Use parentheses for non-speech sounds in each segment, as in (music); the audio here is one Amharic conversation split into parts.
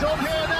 Job here now.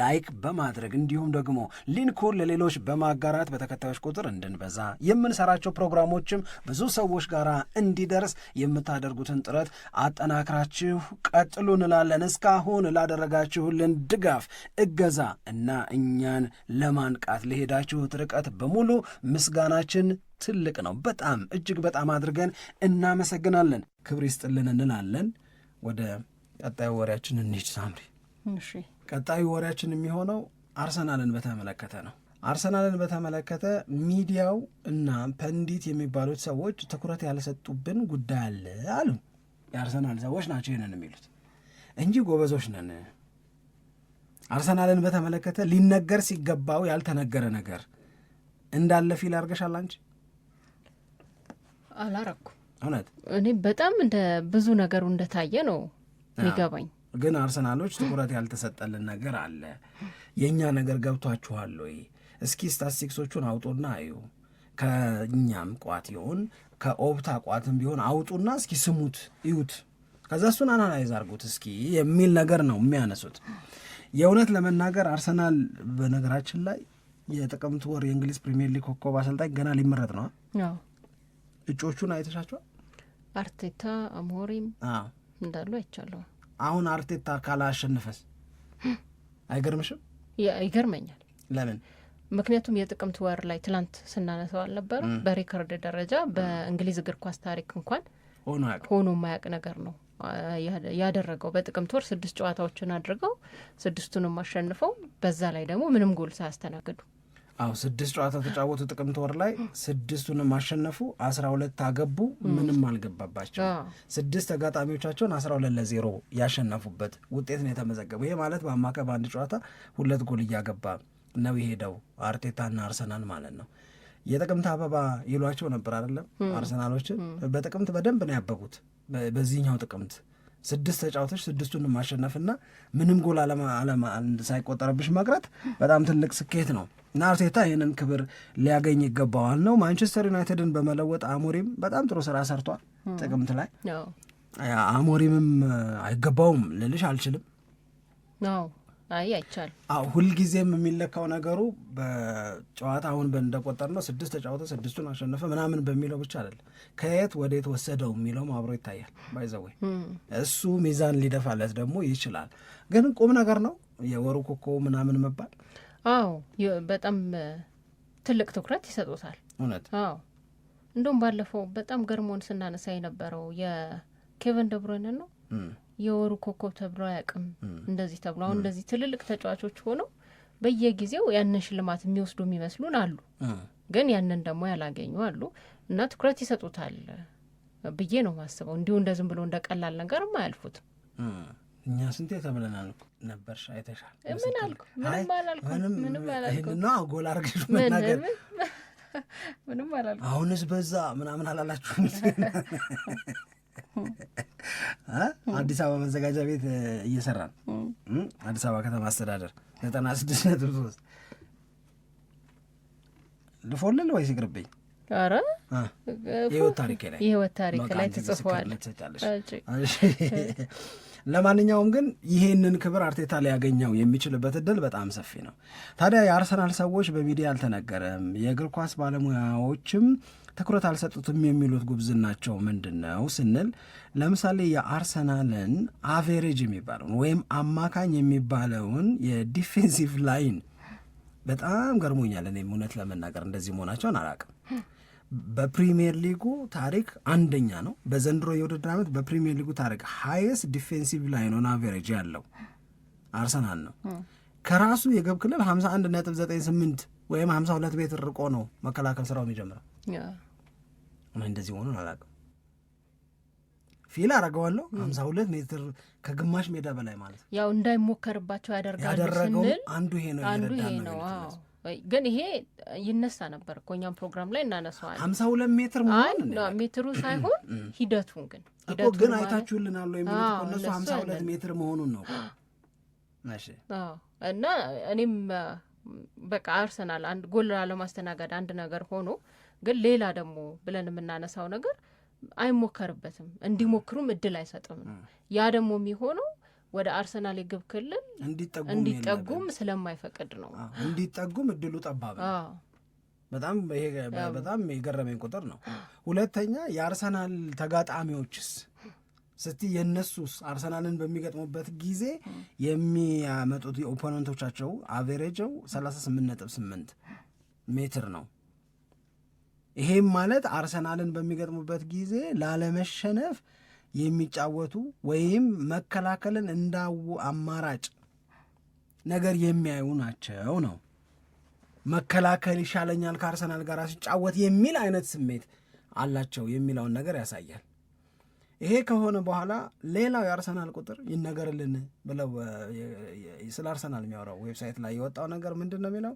ላይክ በማድረግ እንዲሁም ደግሞ ሊንኩን ለሌሎች በማጋራት በተከታዮች ቁጥር እንድንበዛ የምንሰራቸው ፕሮግራሞችም ብዙ ሰዎች ጋር እንዲደርስ የምታደርጉትን ጥረት አጠናክራችሁ ቀጥሉ እንላለን። እስካሁን ላደረጋችሁልን ድጋፍ፣ እገዛ እና እኛን ለማንቃት ለሄዳችሁት ርቀት በሙሉ ምስጋናችን ትልቅ ነው። በጣም እጅግ በጣም አድርገን እናመሰግናለን። ክብር ይስጥልን እንላለን። ወደ ቀጣዩ ወሬያችን እንሂድ። ሳምሪ ቀጣዩ ወሬያችን የሚሆነው አርሰናልን በተመለከተ ነው። አርሰናልን በተመለከተ ሚዲያው እና ፐንዲት የሚባሉት ሰዎች ትኩረት ያልሰጡብን ጉዳይ አለ አሉ። የአርሰናል ሰዎች ናቸው ይህንን የሚሉት እንጂ ጎበዞች ነን። አርሰናልን በተመለከተ ሊነገር ሲገባው ያልተነገረ ነገር እንዳለ ፊል አርገሻል አንቺ? አላረኩ። እውነት እኔ በጣም እንደ ብዙ ነገሩ እንደታየ ነው የሚገባኝ ግን አርሰናሎች ትኩረት ያልተሰጠልን ነገር አለ። የእኛ ነገር ገብቷችኋል ወይ? እስኪ ስታስቲክሶቹን አውጡና እዩ። ከእኛም ቋት ይሁን ከኦፕታ ቋትም ቢሆን አውጡና እስኪ ስሙት፣ እዩት፣ ከዛ እሱን አናላይዝ አርጉት እስኪ የሚል ነገር ነው የሚያነሱት። የእውነት ለመናገር አርሰናል በነገራችን ላይ የጥቅምት ወር የእንግሊዝ ፕሪሚየር ሊግ ኮከብ አሰልጣኝ ገና ሊመረጥ ነው። እጮቹን አይተሻቸዋል? አርቴታ፣ አሞሪም እንዳሉ አይቻለሁ። አሁን አርቴታ ካላሸንፈስ አይገርምሽም? ይገርመኛል። ለምን? ምክንያቱም የጥቅምት ወር ላይ ትላንት ስናነሰው አልነበር በሪከርድ ደረጃ በእንግሊዝ እግር ኳስ ታሪክ እንኳን ሆኖ ማያቅ ነገር ነው ያደረገው። በጥቅምት ወር ስድስት ጨዋታዎችን አድርገው ስድስቱንም አሸንፈው በዛ ላይ ደግሞ ምንም ጎል ሳያስተናግዱ አዎ ስድስት ጨዋታ ተጫወቱ ጥቅምት ወር ላይ ስድስቱንም አሸነፉ። አስራ ሁለት አገቡ፣ ምንም አልገባባቸው። ስድስት ተጋጣሚዎቻቸውን አስራ ሁለት ለዜሮ ያሸነፉበት ውጤት ነው የተመዘገበው። ይሄ ማለት በአማካይ በአንድ ጨዋታ ሁለት ጎል እያገባ ነው የሄደው አርቴታና አርሰናል ማለት ነው። የጥቅምት አበባ ይሏቸው ነበር አይደለም? አርሰናሎችን በጥቅምት በደንብ ነው ያበቡት በዚህኛው ጥቅምት ስድስት ተጫዋቶች ስድስቱንም ማሸነፍና ምንም ጎል ሳይቆጠረብሽ መቅረት በጣም ትልቅ ስኬት ነው እና አርቴታ ይህንን ክብር ሊያገኝ ይገባዋል ነው። ማንቸስተር ዩናይትድን በመለወጥ አሞሪም በጣም ጥሩ ስራ ሰርቷል። ጥቅምት ላይ አሞሪምም አይገባውም ልልሽ አልችልም። አይ አይቻልም። አዎ ሁልጊዜም የሚለካው ነገሩ በጨዋታ አሁን እንደቆጠር ነው ስድስት ተጫወተ ስድስቱን አሸነፈ ምናምን በሚለው ብቻ አይደለም፣ ከየት ወደ የት ወሰደው የሚለውም አብሮ ይታያል። ባይዘወይ እሱ ሚዛን ሊደፋለት ደግሞ ይችላል። ግን ቁም ነገር ነው የወሩ ኮከቡ ምናምን መባል። አዎ በጣም ትልቅ ትኩረት ይሰጡታል። እውነት አዎ። እንደውም ባለፈው በጣም ገርሞን ስናነሳ የነበረው የኬቨን ደብሮይነን ነው የወሩ ኮከብ ተብሎ አያውቅም እንደዚህ ተብሎ አሁን እንደዚህ ትልልቅ ተጫዋቾች ሆነው በየጊዜው ያንን ሽልማት የሚወስዱ የሚመስሉን አሉ፣ ግን ያንን ደግሞ ያላገኙ አሉ እና ትኩረት ይሰጡታል ብዬ ነው ማስበው። እንዲሁ እንደ ዝም ብሎ እንደ ቀላል ነገርም አያልፉትም። እኛ ስንቴ ተብለናል ነበር። አይተሻል? ምን አልኩ? ምንም አላልኩ። ምንም አላልኩ። ጎል መናገር ምንም አላልኩ። አሁንስ በዛ ምናምን አላላችሁ (laughs) አዲስ አበባ መዘጋጃ ቤት እየሰራ ነው። አዲስ አበባ ከተማ አስተዳደር ዘጠና ስድስት ነጥብ ሶስት ልፎልል ወይስ ይቅርብኝ? ኧረ የህይወት ላይ የህይወት ላይ ለማንኛውም ግን ይህንን ክብር አርቴታ ሊያገኘው የሚችልበት እድል በጣም ሰፊ ነው። ታዲያ የአርሰናል ሰዎች በሚዲያ አልተነገረም፣ የእግር ኳስ ባለሙያዎችም ትኩረት አልሰጡትም የሚሉት ጉብዝናቸው ምንድን ነው ስንል ለምሳሌ የአርሰናልን አቬሬጅ የሚባለውን ወይም አማካኝ የሚባለውን የዲፌንሲቭ ላይን በጣም ገርሞኛል። እኔም እውነት ለመናገር እንደዚህ መሆናቸውን አላቅም። በፕሪሚየር ሊጉ ታሪክ አንደኛ ነው። በዘንድሮ የውድድር ዓመት በፕሪሚየር ሊጉ ታሪክ ሃይስ ዲፌንሲቭ ላይን ኦን አቬሬጅ ያለው አርሰናል ነው። ከራሱ የግብ ክልል 51.98 ወይም 52 ሜትር ርቆ ነው መከላከል ስራው የሚጀምረው። እኔ እንደዚህ መሆኑን አላውቅም። ፊል አረገዋለሁ ሀምሳ ሁለት ሜትር ከግማሽ ሜዳ በላይ ማለት ነው። ያው እንዳይሞከርባቸው ያደርጋሉ ስንል አንዱ ይሄ ነው አንዱ ይሄ ነው። ግን ይሄ ይነሳ ነበር እኮ እኛም ፕሮግራም ላይ እናነሳዋለን። ሀምሳ ሁለት ሜትር ሜትሩ (clears throat) ሳይሆን ሂደቱን ግን እኮ ግን አይታችሁልናል የሚሉት እነሱ ሀምሳ ሁለት ሜትር መሆኑን ነው (gasps) እና እኔም በቃ አርሰናል አንድ ጎል ላለማስተናገድ አንድ ነገር ሆኖ ግን ሌላ ደግሞ ብለን የምናነሳው ነገር አይሞከርበትም፣ እንዲሞክሩም እድል አይሰጥም ያ ደግሞ የሚሆነው ወደ አርሰናል የግብ ክልል እንዲጠጉም ስለማይፈቅድ ነው። እንዲጠጉም እድሉ ጠባብ ነው። በጣም ይሄ በጣም የገረመኝ ቁጥር ነው። ሁለተኛ የአርሰናል ተጋጣሚዎችስ ስቲ የእነሱስ አርሰናልን በሚገጥሙበት ጊዜ የሚያመጡት የኦፖነንቶቻቸው አቬሬጀው 38 ሜትር ነው። ይሄም ማለት አርሰናልን በሚገጥሙበት ጊዜ ላለመሸነፍ የሚጫወቱ ወይም መከላከልን እንዳው አማራጭ ነገር የሚያዩ ናቸው ነው። መከላከል ይሻለኛል ከአርሰናል ጋር ሲጫወት የሚል አይነት ስሜት አላቸው የሚለውን ነገር ያሳያል። ይሄ ከሆነ በኋላ ሌላው የአርሰናል ቁጥር ይነገርልን ብለው ስለ አርሰናል የሚያወራው ዌብሳይት ላይ የወጣው ነገር ምንድን ነው የሚለው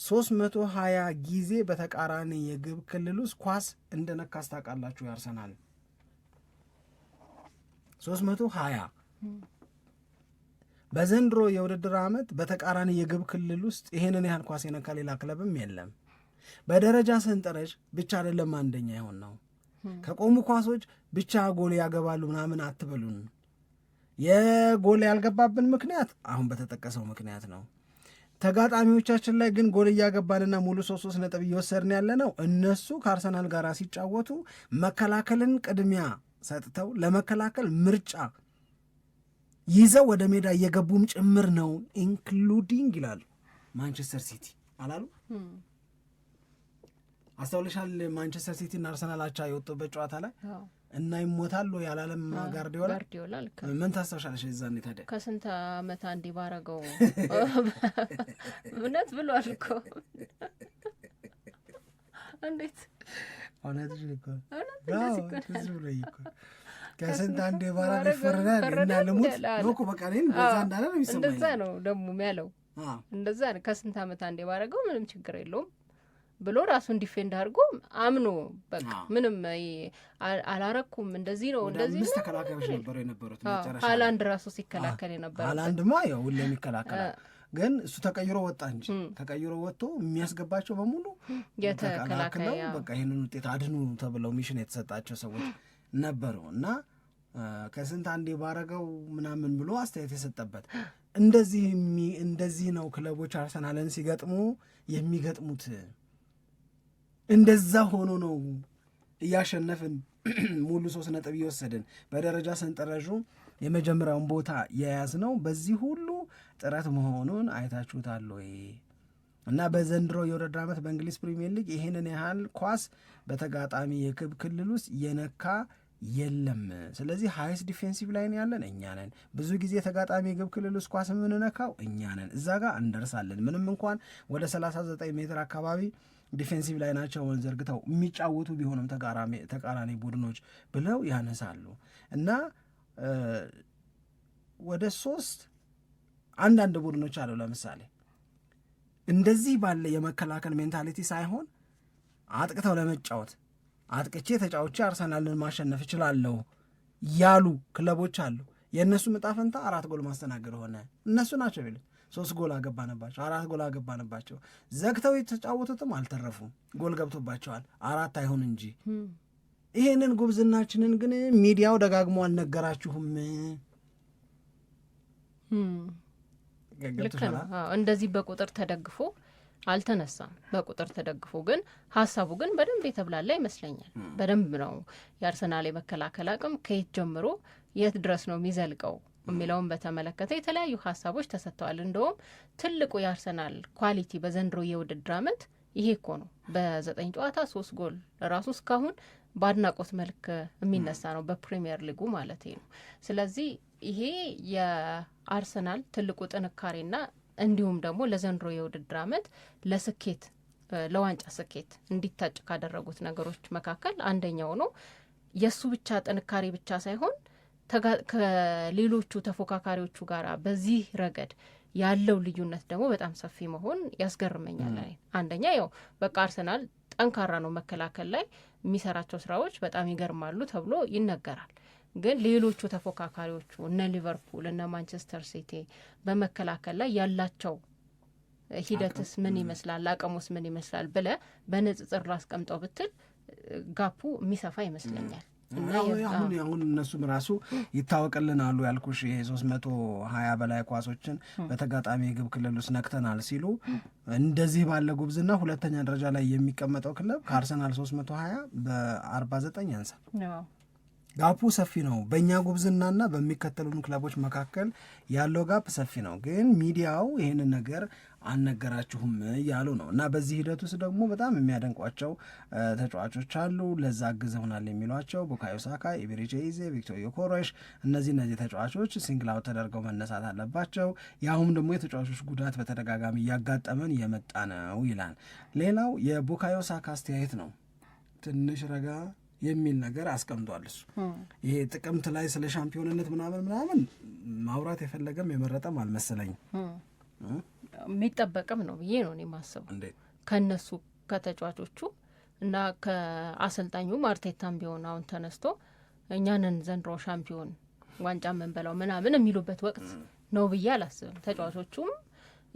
320 ጊዜ በተቃራኒ የግብ ክልል ውስጥ ኳስ እንደነካስ ታውቃላችሁ። ያርሰናል 320 በዘንድሮ የውድድር ዓመት በተቃራኒ የግብ ክልል ውስጥ ይሄንን ያህል ኳስ የነካ ሌላ ክለብም የለም። በደረጃ ሰንጠረዥ ብቻ አይደለም አንደኛ ይሆን ነው። ከቆሙ ኳሶች ብቻ ጎል ያገባሉ ምናምን አትበሉን። የጎል ያልገባብን ምክንያት አሁን በተጠቀሰው ምክንያት ነው። ተጋጣሚዎቻችን ላይ ግን ጎል እያገባንና ሙሉ ሶስት ሶስት ነጥብ እየወሰድን ያለ ነው። እነሱ ከአርሰናል ጋር ሲጫወቱ መከላከልን ቅድሚያ ሰጥተው ለመከላከል ምርጫ ይዘው ወደ ሜዳ እየገቡም ጭምር ነው ኢንክሉዲንግ ይላሉ። ማንቸስተር ሲቲ አላሉ አስተውለሻል? ማንቸስተር ሲቲ እና አርሰናል አቻ የወጡበት ጨዋታ ላይ እና ይሞታል ወይ አላለም ጋርዲዮላ ጋርዲዮላ ምን ታስታውሻለሽ ዛኔ ታዲያ ከስንት ዓመት አንዴ ባረገው (laughs) እውነት ብሏል እኮ እንዴት እውነት እኮ ትዝ ብሎኝ እኮ ከስንት አንዴ ባረገ ይፈረዳል እና ልሙት ነው በቃ እኔን በዛ እንዳለ ነው የሚሰማኝ እንደዛ ነው ደግሞ ያለው እንደዛ ከስንት ዓመት አንዴ ባረገው ምንም ችግር የለውም ብሎ ራሱን ዲፌንድ አድርጎ አምኖ በቃ ምንም አላረኩም እንደዚህ ነው እንደዚህ አምስት ተከላካዮች ነበሩ የነበሩት። ሀላንድ ራሱ ሲከላከል የነበረ ሀላንድማ ያው ሁሌም ይከላከላል ግን እሱ ተቀይሮ ወጣ እንጂ ተቀይሮ ወጥቶ የሚያስገባቸው በሙሉ የተከላከለው በቃ ይህንን ውጤት አድኑ ተብለው ሚሽን የተሰጣቸው ሰዎች ነበሩ እና ከስንት አንዴ ባረገው ምናምን ብሎ አስተያየት የሰጠበት እንደዚህ እንደዚህ ነው ክለቦች አርሰናልን ሲገጥሙ የሚገጥሙት እንደዛ ሆኖ ነው እያሸነፍን (clears throat) ሙሉ ሶስት ነጥብ እየወሰድን በደረጃ ሰንጠረዡ የመጀመሪያውን ቦታ የያዝ ነው። በዚህ ሁሉ ጥረት መሆኑን አይታችሁታል ወይ? እና በዘንድሮ የውድድር ዓመት በእንግሊዝ ፕሪሚየር ሊግ ይህንን ያህል ኳስ በተጋጣሚ የክብ ክልል ውስጥ የነካ የለም። ስለዚህ ሀይስ ዲፌንሲቭ ላይን ያለን እኛ ነን። ብዙ ጊዜ ተጋጣሚ የግብ ክልል ውስጥ ኳስ የምንነካው እኛ ነን። እዛ ጋር እንደርሳለን። ምንም እንኳን ወደ 39 ሜትር አካባቢ ዲፌንሲቭ ላይ ናቸውን ዘርግተው የሚጫወቱ ቢሆንም ተቃራኒ ቡድኖች ብለው ያነሳሉ እና ወደ ሶስት አንዳንድ ቡድኖች አሉ። ለምሳሌ እንደዚህ ባለ የመከላከል ሜንታሊቲ ሳይሆን አጥቅተው ለመጫወት አጥቅቼ ተጫውቼ አርሰናልን ማሸነፍ እችላለሁ ያሉ ክለቦች አሉ። የእነሱ ዕጣ ፈንታ አራት ጎል ማስተናገድ ሆነ። እነሱ ናቸው ይሉት ሶስት ጎል አገባንባቸው፣ አራት ጎል አገባንባቸው። ዘግተው የተጫወቱትም አልተረፉም፣ ጎል ገብቶባቸዋል። አራት አይሁን እንጂ ይሄንን ጉብዝናችንን ግን ሚዲያው ደጋግሞ አልነገራችሁም። እንደዚህ በቁጥር ተደግፎ አልተነሳም። በቁጥር ተደግፎ ግን ሀሳቡ ግን በደንብ የተብላላ ይመስለኛል። በደንብ ነው የአርሰናል የመከላከል አቅም ከየት ጀምሮ የት ድረስ ነው የሚዘልቀው የሚለውን በተመለከተ የተለያዩ ሀሳቦች ተሰጥተዋል። እንደውም ትልቁ የአርሰናል ኳሊቲ በዘንድሮ የውድድር አመት ይሄ እኮ ነው። በዘጠኝ ጨዋታ ሶስት ጎል ራሱ እስካሁን በአድናቆት መልክ የሚነሳ ነው፣ በፕሪሚየር ሊጉ ማለት ነው። ስለዚህ ይሄ የአርሰናል ትልቁ ጥንካሬና እንዲሁም ደግሞ ለዘንድሮ የውድድር ዓመት ለስኬት ለዋንጫ ስኬት እንዲታጭ ካደረጉት ነገሮች መካከል አንደኛው ነው። የእሱ ብቻ ጥንካሬ ብቻ ሳይሆን ከሌሎቹ ተፎካካሪዎቹ ጋር በዚህ ረገድ ያለው ልዩነት ደግሞ በጣም ሰፊ መሆን ያስገርመኛል። አንደኛ ያው በቃ አርሰናል ጠንካራ ነው መከላከል ላይ የሚሰራቸው ስራዎች በጣም ይገርማሉ ተብሎ ይነገራል። ግን ሌሎቹ ተፎካካሪዎቹ እነ ሊቨርፑል እነ ማንቸስተር ሲቲ በመከላከል ላይ ያላቸው ሂደትስ ምን ይመስላል፣ አቅሙስ ምን ይመስላል ብለ በንጽጽር ላስቀምጠው ብትል ጋፑ የሚሰፋ ይመስለኛል። አሁን አሁን እነሱም ራሱ ይታወቅልን አሉ ያልኩሽ ይሄ ሶስት መቶ ሀያ በላይ ኳሶችን በተጋጣሚ የግብ ክልል ውስጥ ነክተናል ሲሉ እንደዚህ ባለ ጉብዝና ሁለተኛ ደረጃ ላይ የሚቀመጠው ክለብ ከአርሰናል ሶስት መቶ ሀያ በአርባ ዘጠኝ ያንሳል። ጋፑ ሰፊ ነው። በእኛ ጉብዝናና በሚከተሉን ክለቦች መካከል ያለው ጋፕ ሰፊ ነው፣ ግን ሚዲያው ይህንን ነገር አልነገራችሁም እያሉ ነው። እና በዚህ ሂደት ውስጥ ደግሞ በጣም የሚያደንቋቸው ተጫዋቾች አሉ፣ ለዛ አግዘውናል የሚሏቸው ቡካዮ ሳካ፣ ኢቤሪቼ ኢዜ፣ ቪክቶሪ እነዚህ እነዚህ ተጫዋቾች ሲንግል አውት ተደርገው መነሳት አለባቸው። ያሁም ደግሞ የተጫዋቾች ጉዳት በተደጋጋሚ እያጋጠመን የመጣ ነው ይላል። ሌላው የቡካዮ ሳካ አስተያየት ነው። ትንሽ ረጋ የሚል ነገር አስቀምጧል። እሱ ይሄ ጥቅምት ላይ ስለ ሻምፒዮንነት ምናምን ምናምን ማውራት የፈለገም የመረጠም አልመሰለኝም። የሚጠበቅም ነው ብዬ ነው የማስበው ከነሱ ከተጫዋቾቹ እና ከአሰልጣኙ አርቴታም ቢሆን አሁን ተነስቶ እኛንን ዘንድሮ ሻምፒዮን ዋንጫ መንበላው ምናምን የሚሉበት ወቅት ነው ብዬ አላስብም ተጫዋቾቹም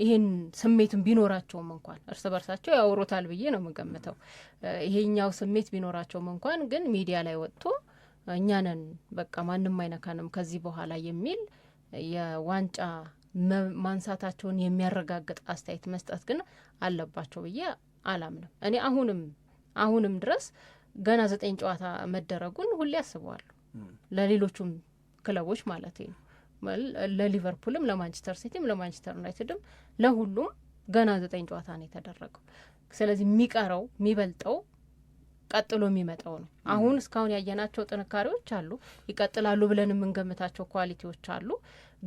ይሄን ስሜትን ቢኖራቸውም እንኳን እርስ በርሳቸው ያወሩታል ብዬ ነው የምገምተው። ይሄኛው ስሜት ቢኖራቸውም እንኳን ግን ሚዲያ ላይ ወጥቶ እኛንን በቃ ማንም አይነካንም ከዚህ በኋላ የሚል የዋንጫ ማንሳታቸውን የሚያረጋግጥ አስተያየት መስጠት ግን አለባቸው ብዬ አላምንም። እኔ አሁንም አሁንም ድረስ ገና ዘጠኝ ጨዋታ መደረጉን ሁሌ አስበዋለሁ ለሌሎቹም ክለቦች ማለት ነው። ለሊቨርፑልም ለማንቸስተር ሲቲም ለማንቸስተር ዩናይትድም ለሁሉም ገና ዘጠኝ ጨዋታ ነው የተደረገው። ስለዚህ የሚቀረው የሚበልጠው ቀጥሎ የሚመጣው ነው። አሁን እስካሁን ያየናቸው ጥንካሬዎች አሉ፣ ይቀጥላሉ ብለን የምንገምታቸው ኳሊቲዎች አሉ።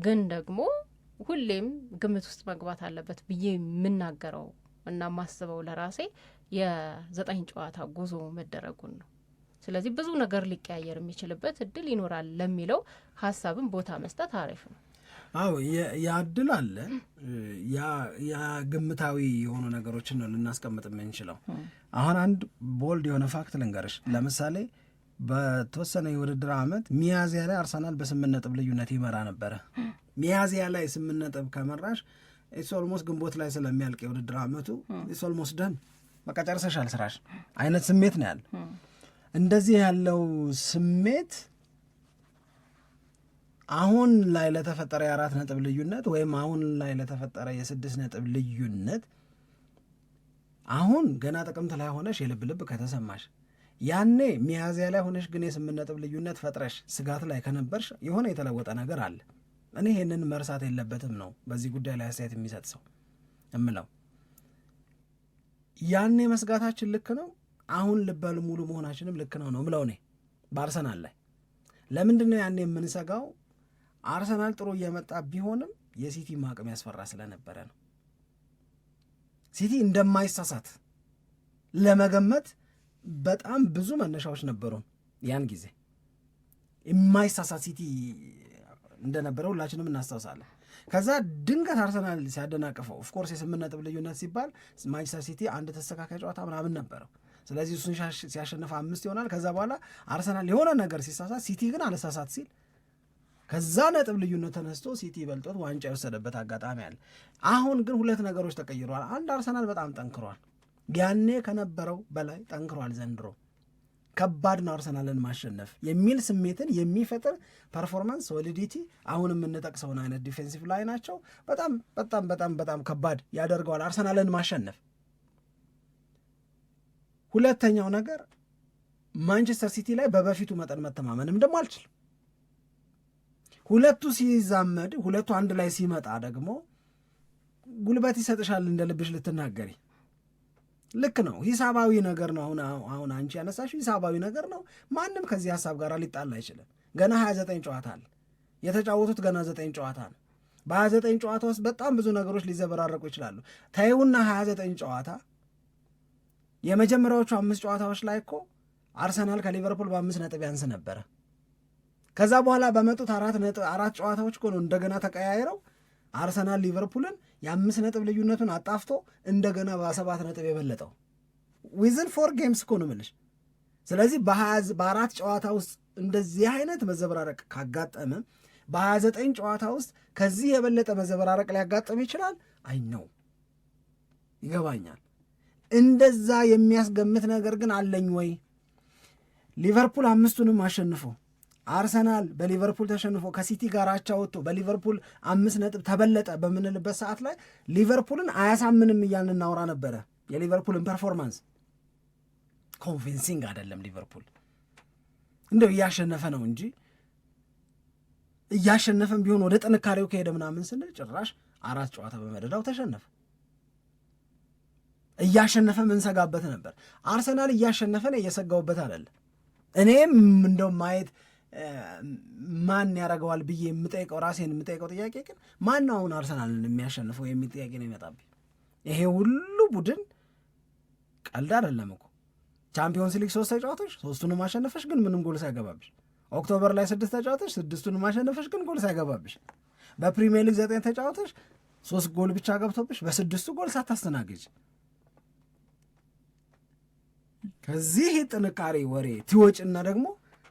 ግን ደግሞ ሁሌም ግምት ውስጥ መግባት አለበት ብዬ የምናገረው እና ማስበው ለራሴ የዘጠኝ ጨዋታ ጉዞ መደረጉን ነው። ስለዚህ ብዙ ነገር ሊቀያየር የሚችልበት እድል ይኖራል ለሚለው ሀሳብን ቦታ መስጠት አሪፍ ነው። አዎ ያ እድል አለ። ያ ግምታዊ የሆኑ ነገሮችን ነው ልናስቀምጥ የምንችለው። አሁን አንድ ቦልድ የሆነ ፋክት ልንገርሽ። ለምሳሌ በተወሰነ የውድድር ዓመት ሚያዝያ ላይ አርሰናል በስምንት ነጥብ ልዩነት ይመራ ነበረ። ሚያዝያ ላይ ስምንት ነጥብ ከመራሽ ኢትስ ኦልሞስት ግንቦት ላይ ስለሚያልቅ የውድድር ዓመቱ ኢትስ ኦልሞስት ደን በቃ ጨርሰሻል ስራሽ አይነት ስሜት ነው ያለ እንደዚህ ያለው ስሜት አሁን ላይ ለተፈጠረ የአራት ነጥብ ልዩነት ወይም አሁን ላይ ለተፈጠረ የስድስት ነጥብ ልዩነት አሁን ገና ጥቅምት ላይ ሆነሽ የልብ ልብ ከተሰማሽ ያኔ ሚያዝያ ላይ ሆነሽ ግን የስምንት ነጥብ ልዩነት ፈጥረሽ ስጋት ላይ ከነበርሽ የሆነ የተለወጠ ነገር አለ። እኔ ይህንን መርሳት የለበትም ነው በዚህ ጉዳይ ላይ አስተያየት የሚሰጥ ሰው የምለው። ያኔ መስጋታችን ልክ ነው አሁን ልበል ሙሉ መሆናችንም ልክ ነው ነው ምለው እኔ በአርሰናል ላይ ለምንድን ነው ያኔ የምንሰጋው? አርሰናል ጥሩ እየመጣ ቢሆንም የሲቲ ማቅም ያስፈራ ስለነበረ ነው። ሲቲ እንደማይሳሳት ለመገመት በጣም ብዙ መነሻዎች ነበሩን። ያን ጊዜ የማይሳሳት ሲቲ እንደነበረ ሁላችንም እናስታውሳለን። ከዛ ድንገት አርሰናል ሲያደናቅፈው ኦፍኮርስ የስምንት ነጥብ ልዩነት ሲባል ማንቸስተር ሲቲ አንድ ተስተካካይ ጨዋታ ምናምን ነበረው ስለዚህ እሱን ሲያሸንፍ አምስት ይሆናል። ከዛ በኋላ አርሰናል የሆነ ነገር ሲሳሳት ሲቲ ግን አልሳሳት ሲል ከዛ ነጥብ ልዩነት ተነስቶ ሲቲ በልጦት ዋንጫ የወሰደበት አጋጣሚ አለ። አሁን ግን ሁለት ነገሮች ተቀይረዋል። አንድ አርሰናል በጣም ጠንክሯል። ያኔ ከነበረው በላይ ጠንክሯል። ዘንድሮ ከባድ ነው አርሰናልን ማሸነፍ የሚል ስሜትን የሚፈጥር ፐርፎርማንስ፣ ሶሊዲቲ፣ አሁን የምንጠቅሰውን አይነት ዲፌንሲቭ ላይ ናቸው። በጣም በጣም በጣም በጣም ከባድ ያደርገዋል አርሰናልን ማሸነፍ ሁለተኛው ነገር ማንቸስተር ሲቲ ላይ በበፊቱ መጠን መተማመንም ደግሞ አልችልም። ሁለቱ ሲዛመድ ሁለቱ አንድ ላይ ሲመጣ ደግሞ ጉልበት ይሰጥሻል እንደ ልብሽ ልትናገሪ። ልክ ነው፣ ሂሳባዊ ነገር ነው። አሁን አሁን አንቺ ያነሳሽ ሂሳባዊ ነገር ነው። ማንም ከዚህ ሀሳብ ጋር ሊጣል አይችልም። ገና ዘጠኝ ጨዋታ አለ፣ የተጫወቱት ገና ዘጠኝ ጨዋታ ነው በሀያ ዘጠኝ ጨዋታ ውስጥ በጣም ብዙ ነገሮች ሊዘበራረቁ ይችላሉ። ተይውና 29 ጨዋታ የመጀመሪያዎቹ አምስት ጨዋታዎች ላይ እኮ አርሰናል ከሊቨርፑል በአምስት ነጥብ ያንስ ነበረ። ከዛ በኋላ በመጡት አራት ነጥብ አራት ጨዋታዎች እኮ ነው እንደገና ተቀያይረው አርሰናል ሊቨርፑልን የአምስት ነጥብ ልዩነቱን አጣፍቶ እንደገና በሰባት ነጥብ የበለጠው ዊዝን ፎር ጌምስ እኮ ነው ስለዚህ በአራት ጨዋታ ውስጥ እንደዚህ አይነት መዘበራረቅ ካጋጠመ በ29 ጨዋታ ውስጥ ከዚህ የበለጠ መዘበራረቅ ሊያጋጥም ይችላል። አይ ነው ይገባኛል። እንደዛ የሚያስገምት ነገር ግን አለኝ ወይ? ሊቨርፑል አምስቱንም አሸንፎ አርሰናል በሊቨርፑል ተሸንፎ ከሲቲ ጋር አቻ ወጥቶ በሊቨርፑል አምስት ነጥብ ተበለጠ በምንልበት ሰዓት ላይ ሊቨርፑልን አያሳምንም እያልን እናውራ ነበረ። የሊቨርፑልን ፐርፎርማንስ ኮንቪንሲንግ አይደለም። ሊቨርፑል እንደው እያሸነፈ ነው እንጂ እያሸነፈም ቢሆን ወደ ጥንካሬው ከሄደ ምናምን ስንል ጭራሽ አራት ጨዋታ በመደዳው ተሸነፈ። እያሸነፈ ምንሰጋበት ነበር። አርሰናል እያሸነፈ ነው እየሰጋውበት አለ። እኔም እንደው ማየት ማን ያደርገዋል ብዬ የምጠይቀው ራሴን የምጠይቀው ጥያቄ ግን ማን ነው አሁን አርሰናልን የሚያሸንፈው የሚል ጥያቄ ነው ይመጣብኝ። ይሄ ሁሉ ቡድን ቀልድ አይደለም እኮ ቻምፒዮንስ ሊግ ሶስት ተጫዋቶች ሶስቱንም አሸነፈሽ፣ ግን ምንም ጎል ሳያገባብሽ። ኦክቶበር ላይ ስድስት ተጫዋቶች ስድስቱንም አሸነፈሽ፣ ግን ጎል ሳያገባብሽ። በፕሪሚየር ሊግ ዘጠኝ ተጫዋቶች ሶስት ጎል ብቻ ገብቶብሽ በስድስቱ ጎል ሳታስተናግጅ ከዚህ ጥንካሬ ወሬ ትወጭና ደግሞ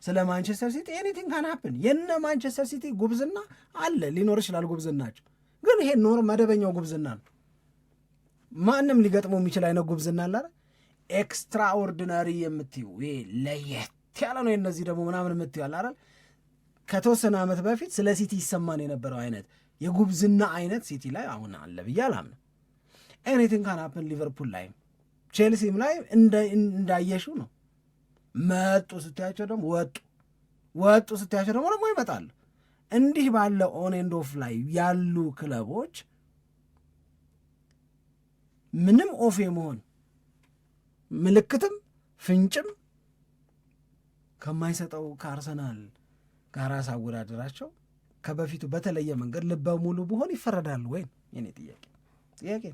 ስለ ማንቸስተር ሲቲ ኤኒቲንግ ካን ሀፕን የነ ማንቸስተር ሲቲ ጉብዝና አለ ሊኖር ይችላል። ጉብዝናቸው ግን ይሄ ኖር መደበኛው ጉብዝና ነው። ማንም ሊገጥመው የሚችል አይነት ጉብዝና አለ። ኤክስትራኦርዲናሪ የምትዩ ይሄ ለየት ያለ ነው። የነዚህ ደግሞ ምናምን የምትዩ አለ አይደል? ከተወሰነ ዓመት በፊት ስለ ሲቲ ይሰማን የነበረው አይነት የጉብዝና አይነት ሲቲ ላይ አሁን አለ ብዬ አላምንም። ኤኒቲንግ ካን ሀፕን ሊቨርፑል ላይም ቼልሲም ላይ እንዳየሽው ነው። መጡ ስታያቸው ደግሞ ወጡ፣ ወጡ ስታያቸው ደግሞ ደግሞ ይመጣሉ። እንዲህ ባለ ኦን ኤንድ ኦፍ ላይ ያሉ ክለቦች ምንም ኦፍ የመሆን ምልክትም ፍንጭም ከማይሰጠው ከአርሰናል ጋር ሳወዳደራቸው ከበፊቱ በተለየ መንገድ ልበ ሙሉ ብሆን ይፈረዳሉ ወይም የኔ ጥያቄ ጥያቄ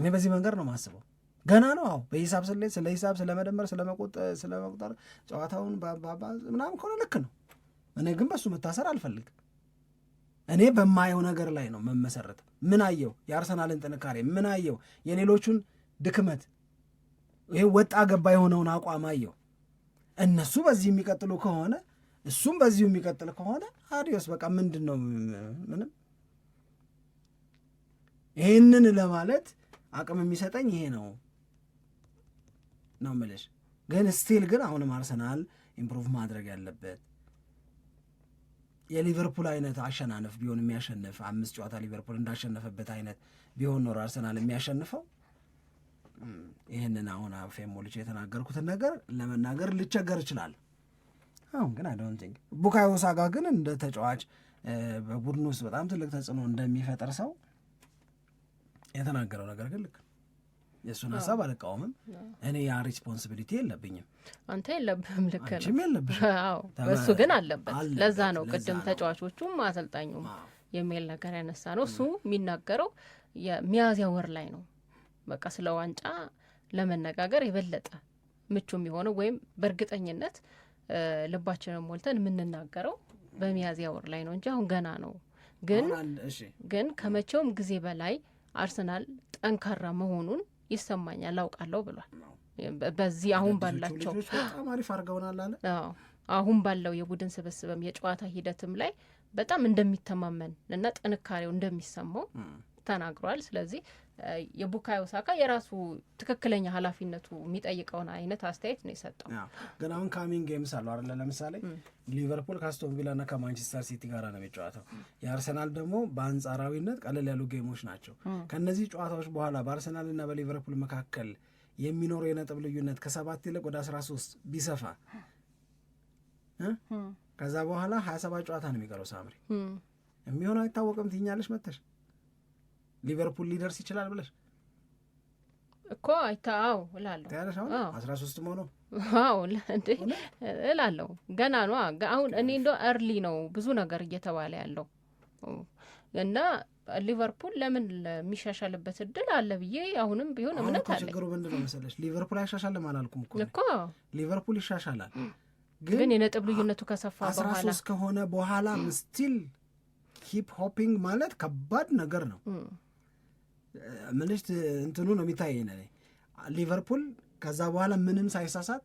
እኔ በዚህ መንገድ ነው ማስበው። ገና ነው። አሁን በሂሳብ ስሌት ስለ ሂሳብ ስለመደመር ስለመቁጠር ጨዋታውን ባባዝ ምናምን ከሆነ ልክ ነው። እኔ ግን በሱ መታሰር አልፈልግም። እኔ በማየው ነገር ላይ ነው መመሰረት። ምን አየው? የአርሰናልን ጥንካሬ ምን አየው? የሌሎቹን ድክመት፣ ይሄ ወጣ ገባ የሆነውን አቋም አየው። እነሱ በዚህ የሚቀጥሉ ከሆነ እሱም በዚሁ የሚቀጥል ከሆነ አዲዮስ፣ በቃ ምንድን ነው ምንም ይሄንን ለማለት አቅም የሚሰጠኝ ይሄ ነው። ነው ምልሽ። ግን ስቲል ግን አሁንም አርሰናል ኢምፕሩቭ ማድረግ ያለበት የሊቨርፑል አይነት አሸናነፍ ቢሆን የሚያሸንፍ አምስት ጨዋታ ሊቨርፑል እንዳሸነፈበት አይነት ቢሆን ኖሮ አርሰናል የሚያሸንፈው ይህንን አሁን አፌን ሞልቼ የተናገርኩትን ነገር ለመናገር ልቸገር ይችላል። አሁን ግን አይዶን ቲንክ ቡካዮ ግን እንደ ተጫዋች በቡድን ውስጥ በጣም ትልቅ ተጽዕኖ እንደሚፈጠር ሰው የተናገረው ነገር ግን ልክ የእሱን ሀሳብ አልቃወምም። እኔ ያ ሪስፖንሲቢሊቲ የለብኝም። አንተ የለብህም፣ ልክ ነው፣ የለብህ እሱ ግን አለበት። ለዛ ነው ቅድም ተጫዋቾቹም አሰልጣኙም የሚል ነገር ያነሳ ነው። እሱ የሚናገረው የሚያዝያ ወር ላይ ነው። በቃ ስለ ዋንጫ ለመነጋገር የበለጠ ምቹ የሚሆነው ወይም በእርግጠኝነት ልባችንን ሞልተን የምንናገረው በሚያዝያ ወር ላይ ነው እንጂ አሁን ገና ነው። ግን ግን ከመቼውም ጊዜ በላይ አርሰናል ጠንካራ መሆኑን ይሰማኛል፣ አውቃለሁ ብሏል። በዚህ አሁን ባላቸው በጣም አሪፍ አድርገውናል አለ። አሁን ባለው የቡድን ስብስብም የጨዋታ ሂደትም ላይ በጣም እንደሚተማመን እና ጥንካሬው እንደሚሰማው ተናግሯል። ስለዚህ የቡካዮ ሳካ የራሱ ትክክለኛ ኃላፊነቱ የሚጠይቀውን አይነት አስተያየት ነው የሰጠው። ግን አሁን ካሚንግ ጌምስ አሉ አለ። ለምሳሌ ሊቨርፑል ከአስቶን ቪላ ከማንቸስተር ሲቲ ጋር ነው የሚጫወተው። የአርሰናል ደግሞ በአንጻራዊነት ቀለል ያሉ ጌሞች ናቸው። ከእነዚህ ጨዋታዎች በኋላ በአርሰናል በሊቨርፑል መካከል የሚኖረው የነጥብ ልዩነት ከሰባት ይልቅ ወደ አስራ ሶስት ቢሰፋ ከዛ በኋላ ሀያ ሰባት ጨዋታ ነው የሚቀረው። ሳምሪ የሚሆነው አይታወቅም ትኛለች መተሽ ሊቨርፑል ሊደርስ ይችላል ብለሽ እኮ አይታው እላለሁ ያለሽ አሁን አስራ ሶስት መሆኑ አዎ እላለሁ። ገና ነ አሁን እኔ እንደ እርሊ ነው ብዙ ነገር እየተባለ ያለው እና ሊቨርፑል ለምን የሚሻሻልበት እድል አለ ብዬ አሁንም ቢሆን እምነት አለ። ችግሩ ምንድን ነው መሰለሽ ሊቨርፑል አይሻሻልም አላልኩም እኮ ሊቨርፑል ይሻሻላል፣ ግን የነጥብ ልዩነቱ ከሰፋ አስራ ሶስት ከሆነ በኋላ ምስቲል ኪፕ ሆፒንግ ማለት ከባድ ነገር ነው። ምልሽ እንትኑ ነው የሚታየኝ ሊቨርፑል ከዛ በኋላ ምንም ሳይሳሳት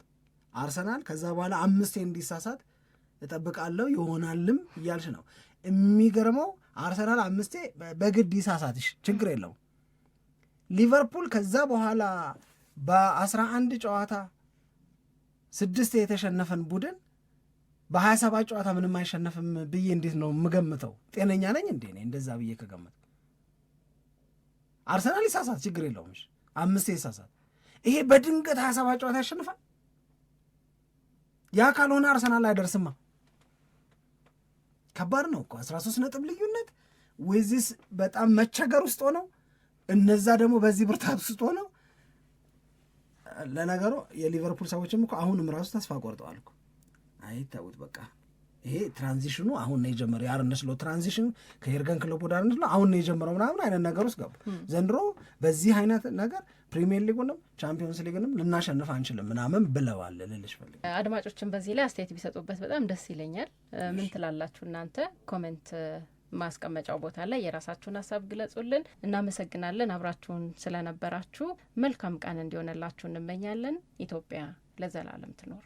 አርሰናል ከዛ በኋላ አምስቴ እንዲሳሳት እጠብቃለሁ ይሆናልም እያልሽ ነው። የሚገርመው አርሰናል አምስቴ በግድ ይሳሳትሽ ችግር የለው። ሊቨርፑል ከዛ በኋላ በአስራ አንድ ጨዋታ ስድስት የተሸነፈን ቡድን በሀያ ሰባት ጨዋታ ምንም አይሸነፍም ብዬ እንዴት ነው የምገምተው? ጤነኛ ነኝ እንዴ? እንደዛ ብዬ ከገመት አርሰናል ይሳሳት ችግር የለውም አምስት ይሳሳት፣ ይሄ በድንገት ሀያ ሰባት ጨዋታ ያሸንፋል። ያ ካልሆነ አርሰናል አይደርስማ። ከባድ ነው እኮ አስራ ሶስት ነጥብ ልዩነት ወይዚስ በጣም መቸገር ውስጥ ሆነው እነዛ ደግሞ በዚህ ብርታት ውስጥ ሆነው ለነገሩ የሊቨርፑል ሰዎችም እኮ አሁንም ራሱ ተስፋ ቆርጠዋል እኮ አይታወት በቃ ይሄ ትራንዚሽኑ አሁን ነው የጀመረው። የአርነ ስሎት ትራንዚሽን ከኤርገን ክለብ ወደ አርነ ስሎት አሁን ነው የጀመረው ምናምን አይነት ነገር ውስጥ ገቡ። ዘንድሮ በዚህ አይነት ነገር ፕሪሚየር ሊጉንም ቻምፒዮንስ ሊግንም ልናሸንፍ አንችልም ምናምን ብለዋል ልልሽ ፈል አድማጮችን በዚህ ላይ አስተያየት ቢሰጡበት በጣም ደስ ይለኛል። ምን ትላላችሁ እናንተ? ኮሜንት ማስቀመጫው ቦታ ላይ የራሳችሁን ሀሳብ ግለጹልን። እናመሰግናለን። አብራችሁን ስለነበራችሁ መልካም ቀን እንዲሆንላችሁ እንመኛለን። ኢትዮጵያ ለዘላለም ትኖር።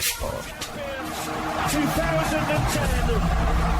Sport. 2010